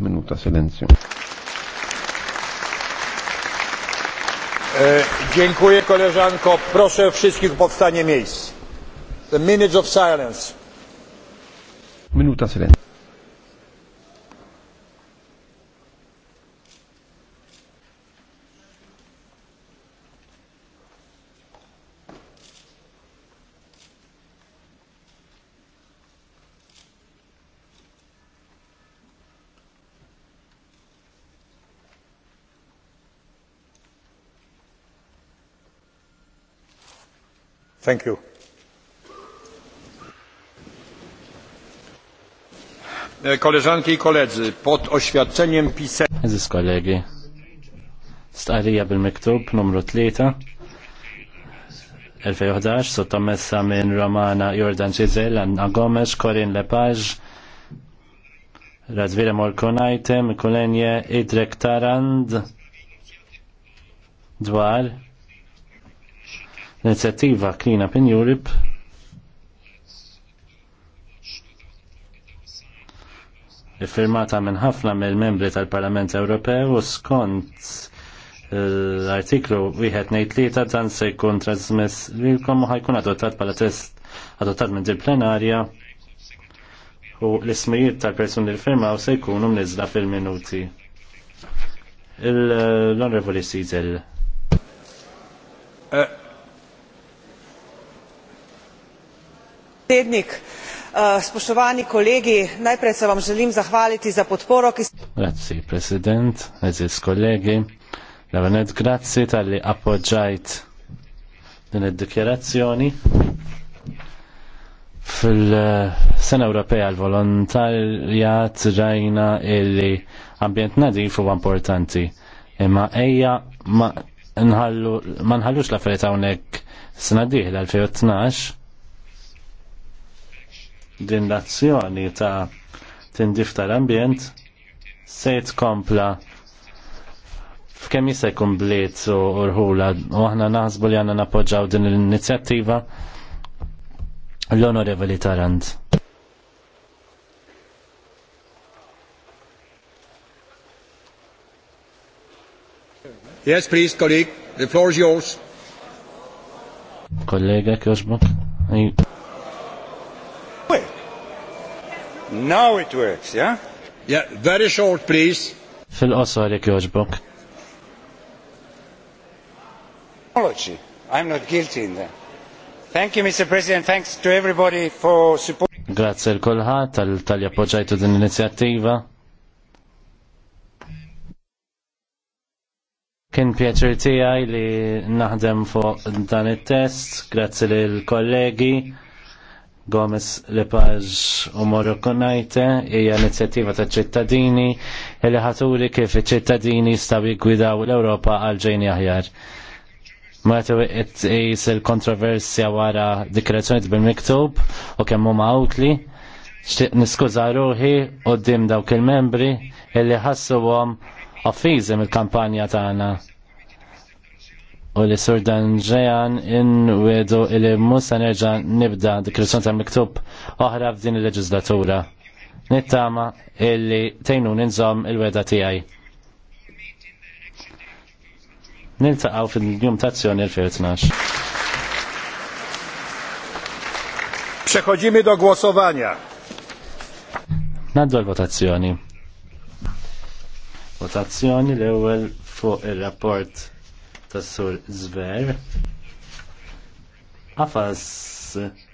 minuta silenzju. E, dziękuję koleżanko. Proszę wszystkich o powstanie miejsc. The minutes of silence. Minuta silenzju. Thank you. E, koleżanki i koledzy, pod oświadczeniem pisem... Zys kolegi, stary jabel mektub, numru 3, 2011, sottomessa min Romana Jordan Cizel, Anna Gomes, Corin Lepage, Radvira Morkonajte, Mikulenje, Idrek Tarand, dwar L-inizjattiva Clean Up in Europe firmata minn ħafna mill-membri tal-Parlament Ewropew u skont l-artiklu wieħed dan se jkun trasmess lilkom u ħajkun adottat bħala test adottat minn dil plenarja u l-ismijiet tal-persuni li u se jkunu mniżla fil-minuti. L-Honorable Caesar. Eh, Predsednik, eh, spoštovani kolegi, najprej se vam želim zahvaliti za podporo, ki Grazzi, president, eżis kollegi, l-għanet grazzi tal-li appoġġajt din id-dikjerazzjoni fil-Sena Ewropea l-volontarjat rajna illi ambjent nadif u importanti imma ejja ma nħallux la affarijiet hawnhekk sena diħla 2012 din l-azzjoni ta' tindif tal-ambjent se tkompla f'kemm jista' jkun bliet u rħula u aħna naħsbu li għandna nappoġġaw din l-inizjattiva l-Onorevoli Tarant. Yes, please, colleague, the floor is yours. Kollega, kjoġbok. Now it works, yeah? Yeah, very short, please. Fil-qosor jek joġbok. Apology. I'm not guilty in that. Thank you, Mr. President. Thanks to everybody for support. Grazie il kolħa tal-tali appoġġajtu din l-inizjattiva. Kien pjaċir tijaj li naħdem fuq dan il test Grazie lill kollegi Gomez Lepaz u Morrokonajte hija inizjattiva ta' ċittadini li ħaturi kif iċ-ċittadini jistgħu jiggwidaw l-Ewropa għal ġejn aħjar. Martu qis il-kontroversja wara dikrazzjoni bil-miktub u kemm huma awtli niskuża ruħi dim dawk il-membri illi għom offizim mill-kampanja tagħna u li sur dan ġejan wedu li musa nerġa nibda dikrizzjon ta' miktub oħra f'din il-leġislatura. Nittama illi tejnu ninżom il-weda tijaj. Niltaqaw fil-jum tazzjoni il-2012. Przechodzimy do głosowania. Naddu l-votazzjoni. Votazzjoni l-ewel fuq il-rapport tas-sur Zver. Għafas